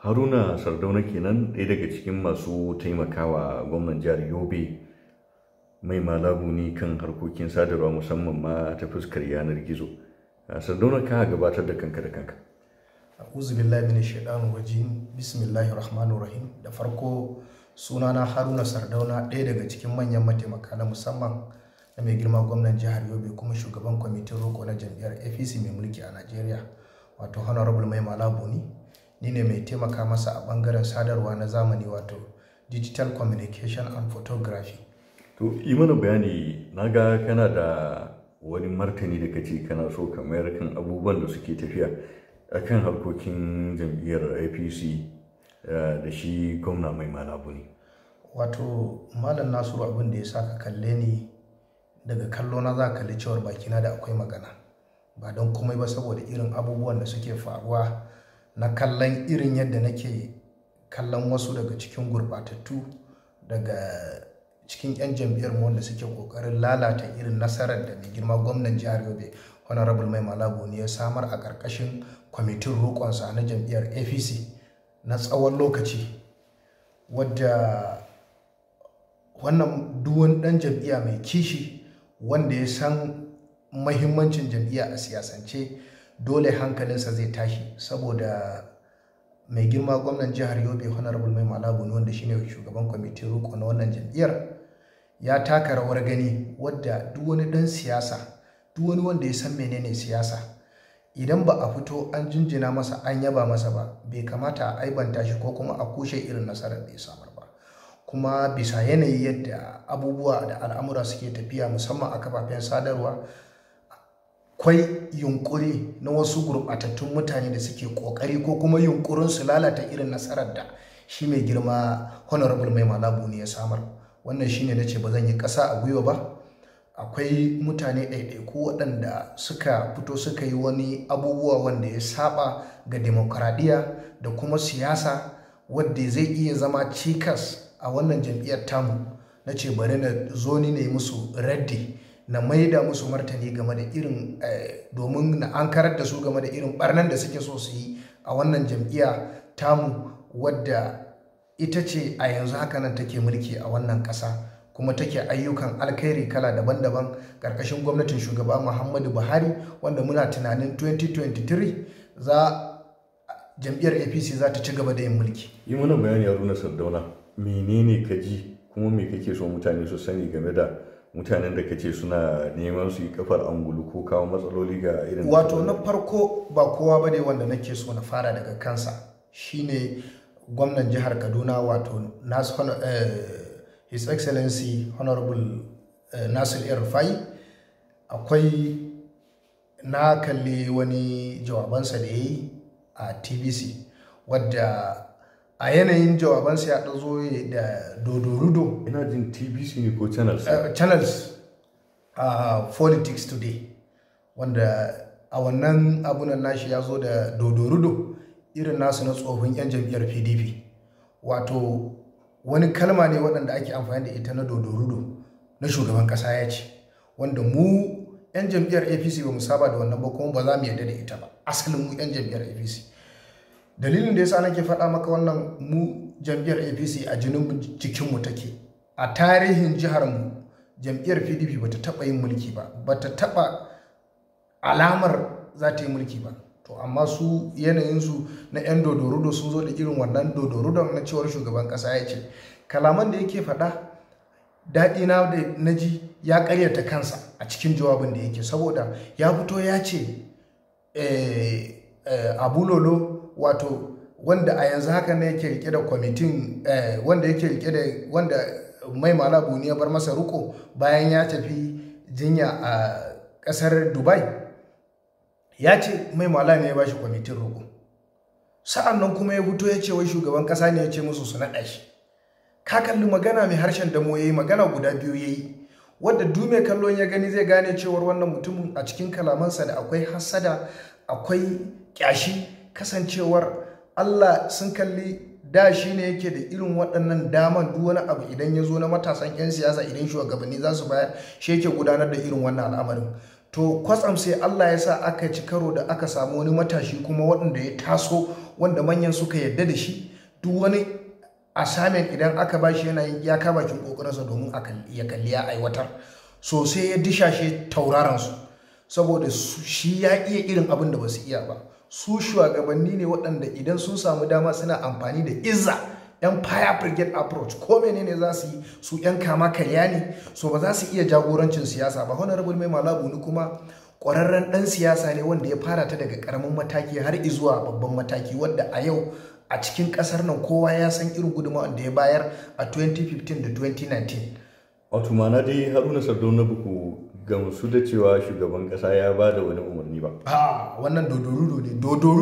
haruna sardauna kenan ɗaya daga cikin masu taimakawa gwamnan jihar yobe mai malabu ne kan harkokin sadarwa musamman ma ta fuskar yanar gizo sardauna ka gabatar da kanka da kanka a'udhu billahi minash shaitanir rajim bismillahir rahmanir rahim da farko sunana haruna sardauna ɗaya daga cikin manyan mataimaka na musamman na mai girma gwamnan jihar yobe kuma shugaban kwamitin roko na jam'iyyar apc mai mulki a najeriya wato honorable mai malabu ne ni ne mai taimaka masa a ɓangaren sadarwa na zamani wato digital communication and photography to yi mana bayani na ga kana da wani martani da kace kana so ka mayar kan abubuwan da suke tafiya a kan harkokin jam'iyyar apc eh, da shi gwamna mai malabu ne wato malam nasiru abin da ya sa ka kalle ni daga kallo na za ka kalli cewar bakina da akwai magana ba don komai ba saboda irin abubuwan da suke faruwa na kallon irin yadda nake kallon wasu daga cikin gurbatattu daga cikin 'yan jam'iyyar mu wanda suke kokarin lalata irin nasarar da mai girma gwamnan jihar yobe honorable mai malabo ne ya samar a ƙarƙashin kwamitin roƙonsa na jam'iyyar apc na tsawon lokaci wadda wannan duwan ɗan jam'iyya mai kishi wanda ya san mahimmancin jam'iyya a siyasance dole hankalinsa zai tashi saboda mai girma gwamnan jihar yobe honorable mai malabuni wanda shine shugaban kwamitin roƙo na wannan jam'iyyar ya taka rawar gani wadda duk wani dan siyasa duk wani wanda ya san menene siyasa idan ba a fito an jinjina masa an yaba masa ba bai kamata a aibanta shi ko kuma a kushe irin nasarar da ya samar ba kuma bisa yanayi yadda abubuwa da al'amura suke tafiya musamman a kafafen sadarwa akwai yunkuri na wasu gurɓatattun mutane da suke ƙoƙari ko kuma yunkurin su lalata irin nasarar da shi mai girma honorable mai malabu ne ya samar wannan shine na ce ba zan yi ƙasa a gwiwa ba akwai mutane ɗaiɗaiku waɗanda suka fito suka yi wani abubuwa wanda ya saba ga demokaradiyya da kuma siyasa wadda zai iya zama cikas a wannan jam'iyyar tamu na ce bari na zo ni ne musu raddi na maida musu martani game da irin eh, domin na an karar da su game da irin barnan da suke so su yi a wannan jam'iyya tamu wadda ita ce a yanzu hakanan take mulki a wannan ƙasa kuma take ayyukan alkhairi kala daban-daban karkashin gwamnatin shugaba muhammadu buhari wanda muna tunanin 2023 za jam'iyyar apc za ta ci gaba da yin mulki yi mana bayani runa sardauna menene ka ji kuma me kake so mutane su sani game da mutanen da kace suna neman su yi kafar angulu ko kawo matsaloli ga irin wato na farko ba kowa ba ne wanda nake so na fara daga kansa shine gwamnan jihar kaduna wato eh, his excellency honorable eh, nasir rufai akwai na kalli wani jawabansa da ya yi a tbc wadda a yanayin jawabansa ya ɗazo da dodorudo ina jin tbc ne ko channels eh, channels a politics today wanda a wannan abunan nashi ya zo da dodorudo irin nasu na tsohon 'yan jam'iyyar pdp wato wani kalma ne waɗanda ake amfani da ita na dodorudo na shugaban ƙasa ya ce wanda mu 'yan jam'iyyar apc ba mu saba da wannan ba kuma ba za mu yarda da ita ba asalin mu 'yan jam'iyyar apc dalilin da ya yasa nake faɗa maka wannan mu jam'iyyar apc a jinin jikinmu take a tarihin jihar mu jam'iyyar pdp ba ta taɓa yin mulki ba ba ta taɓa alamar za ta yi mulki ba to amma su yanayin su na 'yan dodorudo sun zo da irin wannan dodorudon na cewar shugaban ƙasa ya ce kalaman da yake faɗa daɗi na da naji ya karyata kansa a cikin jawabin da yake saboda ya fito ya ce eh, eh, lolo wato wanda a yanzu haka ne yake rike da kwamitin eh, wanda yake rike da wanda mai malabu ne ya bar masa ruko bayan ya tafi jinya a kasar dubai ya ce mai mala ne ya bashi kwamitin ruko sa'an nan kuma ya fito ya ce wai shugaban kasa ne ya ce musu su naɗa shi ka kalli magana mai harshen damo ya yi magana guda biyu ya yi wadda dume kallon ya gani zai gane cewar wannan mutumin a cikin kalamansa da akwai hassada akwai ƙyashi. kasancewar Allah sun kalli da shi ne yake da irin waɗannan daman duk wani abu idan ya zo na matasan 'yan siyasa idan shugabanni za su bayar shi yake gudanar da irin wannan al'amarin to kwatsam sai Allah ya sa aka ci karo da aka samu wani matashi kuma waɗanda ya taso wanda manyan suka yarda da shi duk wani asamen idan aka ba shi yana ya ka bakin kokarinsa domin ya kalli ya aiwatar sosai sai ya dishashe tauraron su saboda shi ya iya irin abin da ba su iya ba su shugabanni ne waɗanda idan sun samu dama suna amfani da izza yan fire brigade approach ko menene za su yi su yan kama karya ne so ba za su iya jagorancin siyasa ba honorable mai malabu ni kuma ƙwararren ɗan siyasa ne wanda ya fara ta daga ƙaramin mataki har izuwa babban mataki wadda a yau a cikin ƙasar nan kowa ya san irin gudunmawar da ya bayar a 2015 da 2019 wato ma'ana dai haruna na buku gamsu da cewa shugaban kasa ya ba da wani umarni ba. Ha wannan dodorudo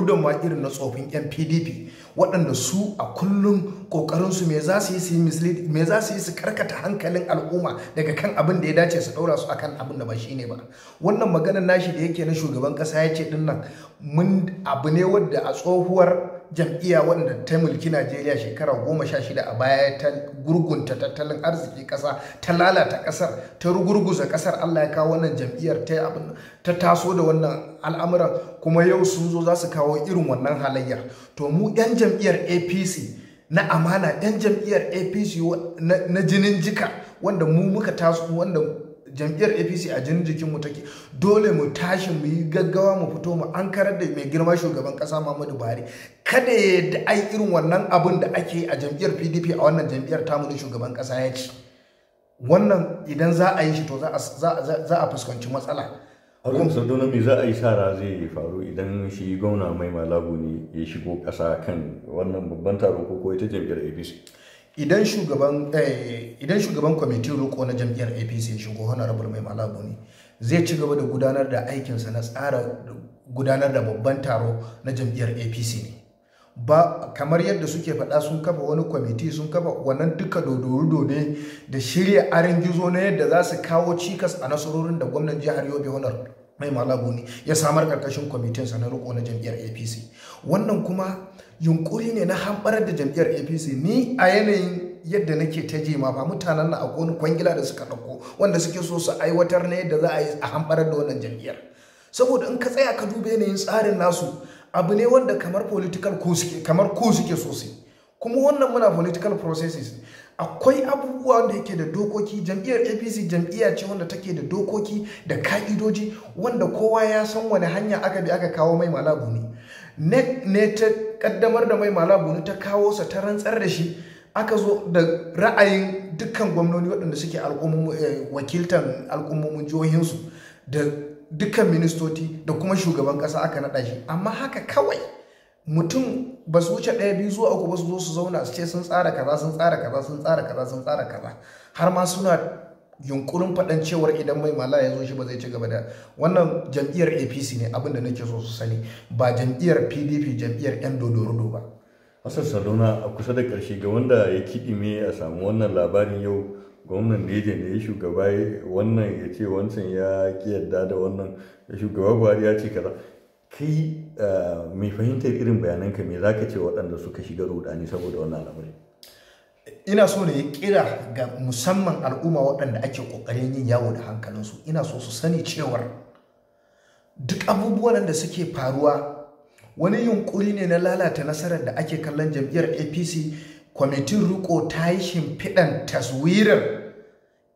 ne da ma irin na tsofin yan PDP waɗanda su a kullum ƙoƙarinsu me za su yi su mislead me za su yi su karkata hankalin al'umma daga kan abin da ya dace su ɗaura su akan abin da ba shi ne ba. Wannan maganar nashi da yake na shugaban kasa ya ce ɗin mun abu ne wadda a tsohuwar jam'iyya wanda ta mulki najeriya shekara goma sha shida a baya ta gurgunta tattalin arziki kasa. ta lalata kasar ta rugurguza kasar allah ya kawo wannan jam'iyyar ta ta taso da wannan al'amuran kuma yau sun zo za su kawo irin wannan halayyar to mu 'yan jam'iyyar apc na amana 'yan jam'iyyar apc na jinin jika wanda mu muka taso wanda jam'iyyar apc a jinin jikinmu take dole mu tashi mu yi gaggawa mu fito mu an karar da mai girma shugaban kasa muhammadu buhari kada ya yarda ai irin wannan abin da ake a jam'iyyar pdp a wannan jam'iyyar tamu da shugaban kasa ya ci wannan idan za a yi shi to za a fuskanci matsala abin sardauna me za a yi sara zai faru idan shi gwamna mai malabu ne ya shigo kasa kan wannan babban taro ko ita jam'iyyar apc idan shugaban eh, kwamitin roko na jam'iyyar apc shugo shigo honorable mai malabu ne zai ci gaba da gudanar da aikinsa na tsara gudanar da babban taro na jam'iyyar apc ne ba kamar yadda suke faɗa sun kafa wani kwamiti sun kafa wannan duka dodoro ne da shirya arin gizo na yadda za su kawo cikas a nasarorin da gwamnan jihar yobe honar mai malabu ne ya samar karkashin kwamitin sa na roƙo na jam'iyyar apc wannan kuma yunkuri ne na hamɓarar da jam'iyyar apc ni a yanayin yadda nake ta ma ba mutanen na akwai kwangila da suka ɗauko wanda suke so su aiwatar na da za a yi a hamɓarar da wannan jam'iyyar saboda in ka tsaya ka duba yanayin tsarin nasu abu ne wanda kamar political ko suke kamar ko suke sosai kuma wannan muna political processes akwai abubuwa wanda yake da dokoki jam'iyyar apc jam'iyya ce wanda take da dokoki da ka'idoji wanda kowa ya san wani hanya aka bi aka kawo mai malabu ne net ne ta kaddamar da mai malabunu ta kawo sa ta rantsar da shi aka zo da ra'ayin dukkan gwamnoni waɗanda suke eh, wakiltan al'ummomin jihohinsu da dukkan ministoci da kuma shugaban ƙasa aka naɗa shi amma haka kawai mutum ba su wuce ɗaya biyu zuwa uku ba su zo su zauna su ce sun tsara kaza sun tsara kaza sun tsara kaza sun tsara kaza har ma suna yunkurin faɗan cewar idan mai mala ya zo shi ba zai ci gaba da wannan jam'iyyar apc ne abin da nake so su sani ba jam'iyyar pdp jam'iyyar yan dodorodo ba hassan saduna a kusa da ƙarshe ga wanda ya kiɗi me a samu wannan labarin yau gwamnan neja ne ya shugaba wannan ya ce wancan ya ki yadda da wannan shugaba buhari ya ce kaza kai eh, mai fahimtar irin ka me zaka ce waɗanda suka shiga rudani saboda wannan al'amari ina so ne kira ga musamman al'umma waɗanda ake ƙoƙarin yin yawo da hankalinsu ina so su sani cewar duk abubuwan da suke faruwa wani yunkuri ne na lalata nasarar da ake kallon jam'iyyar apc kwamitin riko ta yi shimfiɗan taswirar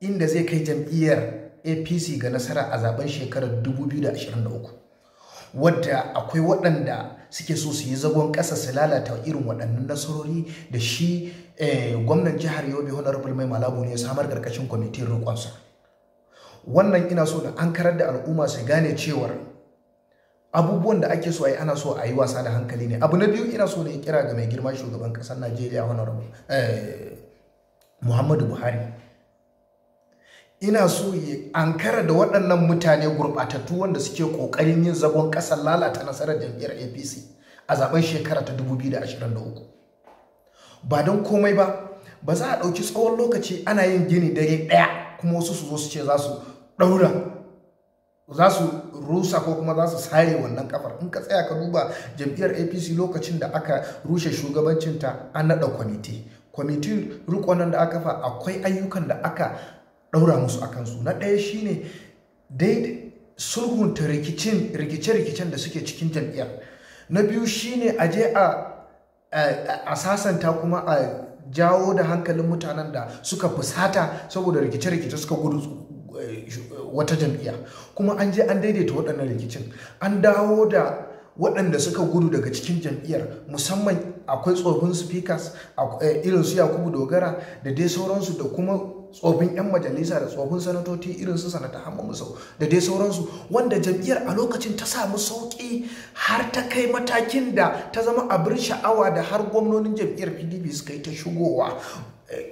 inda zai kai jam'iyyar apc ga nasara a zaben shekarar 2023 wadda akwai waɗanda suke so su yi zagon kasa, su lalata irin waɗannan nasarori da shi eh, gwamnan jihar yobe honorable mai malabu ne samar karkashin kwamitin roƙonsa wannan ina so da an karar da al'umma su gane cewar abubuwan da ake so a yi ana so a yi wasa da hankali ne abu na biyu ina so da kira ga mai girma shugaban ƙasar najeriya honorable eh, muhammadu buhari ina so yi ankara da waɗannan mutane gurɓatattu wanda suke ƙoƙarin yin zagon ƙasar lalata nasarar jam'iyyar apc a zaben shekara ta 2023 ba don komai ba ba za a ɗauki tsawon lokaci ana yin gini dare ɗaya kuma wasu su zo su ce za su ɗaura za su rusa ko kuma za su sare wannan kafar in ka tsaya ka duba jam'iyyar apc lokacin da aka rushe shugabancinta an naɗa kwamiti kwamitin rukunan da aka fa akwai ayyukan da aka ɗaura musu a kansu na ɗaya shine dai sulhunta rikicin rikice-rikicen da suke cikin jam'iyyar na biyu shi ne a je a sasanta kuma a jawo da hankalin mutanen da suka fusata saboda rikice-rikice suka gudu eh, wata jam'iyya kuma an je an daidaita waɗannan rikicin an dawo da waɗanda suka gudu daga cikin jam'iyyar musamman akwai tsohon speakers eh, irin su yakubu dogara da dai sauransu da kuma tsofin 'yan majalisa da tsofin sanatoci irin su sanata hamma Musa da dai sauransu wanda jam'iyyar a lokacin ta samu sauƙi har ta kai matakin da ta zama abin sha'awa da har gwamnonin jam'iyyar pdp suka yi ta shigowa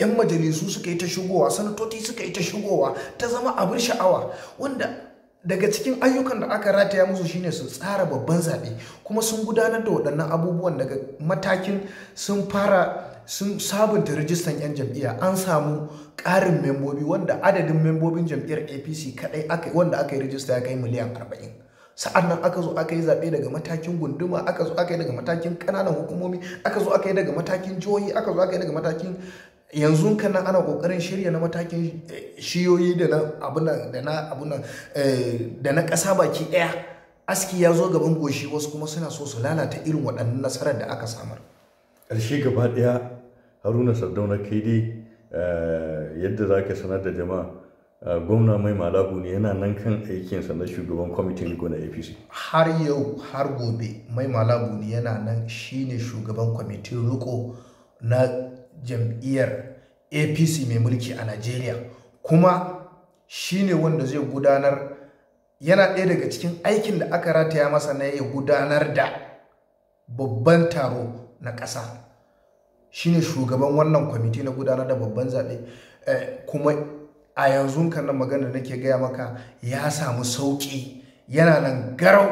'yan eh, majalisu suka yi ta shigowa sanatoci suka yi ta shigowa ta zama abin sha'awa wanda daga cikin ayyukan da aka rataya musu shine su tsara babban zaɓe kuma sun gudanar da waɗannan abubuwan daga matakin sun fara sun sabunta rijistan 'yan jam'iyya an samu ƙarin membobi wanda adadin membobin jam'iyyar apc kaɗai wanda aka yi rijista ya kai miliyan 40 sa'an nan aka zo aka yi zaɓe daga matakin gunduma aka zo aka yi daga matakin ƙananan hukumomi aka zo aka yi daga matakin jihohi aka zo aka yi daga matakin yanzu kan nan ana kokarin shirya na matakin shiyoyi da na abunan da na abunan eh, ƙasa baki ɗaya aski ya zo gaban goshi wasu kuma suna so su lalata irin waɗannan nasarar da aka samar ƙarshe gaba ɗaya haruna sardauna kai dai eh, yadda za ka sanar da jama'a eh, gwamna mai malabu ne yana nan kan aikinsa na shugaban kwamitin riko na apc har yau har gobe mai malabu ne yana nan shine shugaban kwamitin riko na jam'iyyar apc mai mulki a najeriya kuma shine wanda zai gudanar yana ɗaya daga cikin aikin da aka rataya masa na ya gudanar da babban taro na ƙasa shine shugaban wannan kwamiti na gudanar da babban zaɓe eh, kuma a yanzu kan magana magana nake gaya maka ya samu sauƙi yana nan garau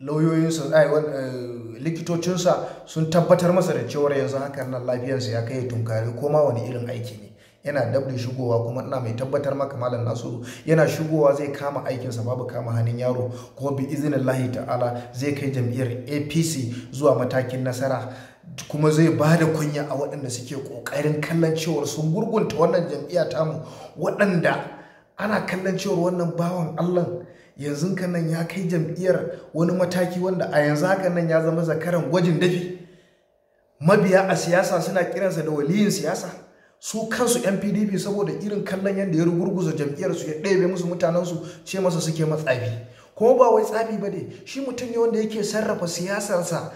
lauyoyinsa eh, likitocinsa sun tabbatar masa da cewar yanzu haka nan lafiyarsa ya kai tunkari ko ma wani irin aiki ne yana dabda shigowa kuma ina mai tabbatar maka malam nasu yana shigowa zai kama aikinsa babu kama hannun yaro Ko bi izinin ta'ala zai kai jam'iyyar apc zuwa matakin nasara kuma zai ba da kunya a waɗanda suke ƙoƙarin kallon cewar sun gurgunta wannan jam'iyya tamu waɗanda ana kallon cewar wannan bawan allah yanzu kan ya kai jam'iyyar wani mataki wanda a yanzu haka nan ya zama zakaran gwajin dafi mabiya a siyasa suna kiransa da waliyin siyasa su kansu yan pdp saboda irin kallon yadda ya rugurguza jam'iyyar su ya ɗebe musu mutanensu ce masa suke matsafi kuma ba wai tsafi ba ne shi mutum ne wanda yake sarrafa siyasarsa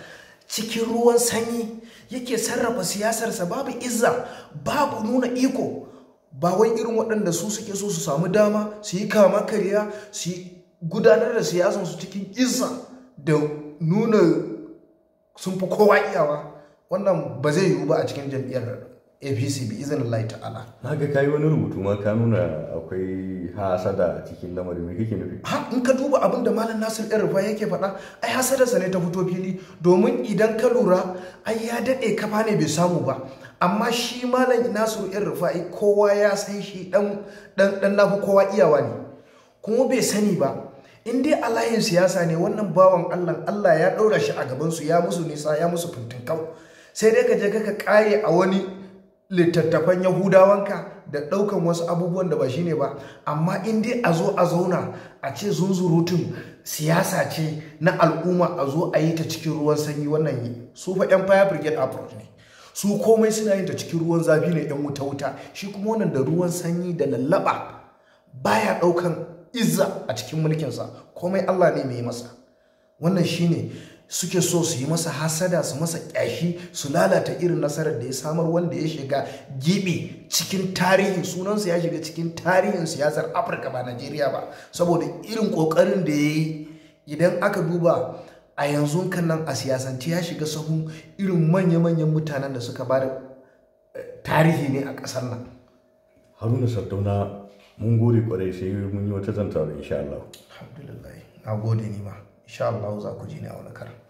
cikin ruwan sanyi yake sarrafa siyasarsa babu izza babu nuna iko ba wai irin waɗanda su suke so su samu dama su yi kama kariya su yi gudanar da siyasansu cikin izza da nuna sun fi kowa iyawa wannan ba zai yiwu ba a cikin jam'iyyar apc bi izin lai ta'ala na ga kayi wani rubutu ma ka nuna akwai hasada a cikin lamarin mai kake nufi ha in ka duba abin da malam nasir ɗan rufa yake faɗa ai hasadarsa ne ta fito fili domin idan ka lura ai ya daɗe kafa ne bai samu ba amma shi malam nasiru ɗan rufa kowa ya san shi dan ɗan kowa iyawa ne kuma bai sani ba in dai a layin siyasa ne wannan bawan allah allah ya ɗaura shi a gabansu ya musu nisa ya musu fintinkau sai dai ka je ka kare a wani littattafan yahudawanka da ɗaukan wasu abubuwan da ba shi ne ba amma in dai a zo a zauna a ce zunzurutun siyasa ce na al'umma a zo a yi ta cikin ruwan sanyi wannan yi su fa yan fire brigade approach ne su komai suna yin ta cikin ruwan zafi ne yan wuta wuta shi kuma wannan da ruwan sanyi da lallaba baya ɗaukan izza a cikin mulkinsa komai Allah ne mai masa wannan shine suke so su yi masa hasada su masa ƙyashi su lalata irin nasarar da ya samar wanda ya shiga gibi cikin tarihin sunansa ya shiga cikin tarihin siyasar afirka ba najeriya ba saboda irin ƙoƙarin da ya yi idan aka duba a yanzu kan nan a siyasance ya shiga sahun irin manya-manyan mutanen da suka ba da eh, tarihi ne a ƙasar nan haruna sardauna mun gode kwarai sai mun yi wata zantawa insha Allah alhamdulillah na gode ni ma insha za ku ji ni a wani karan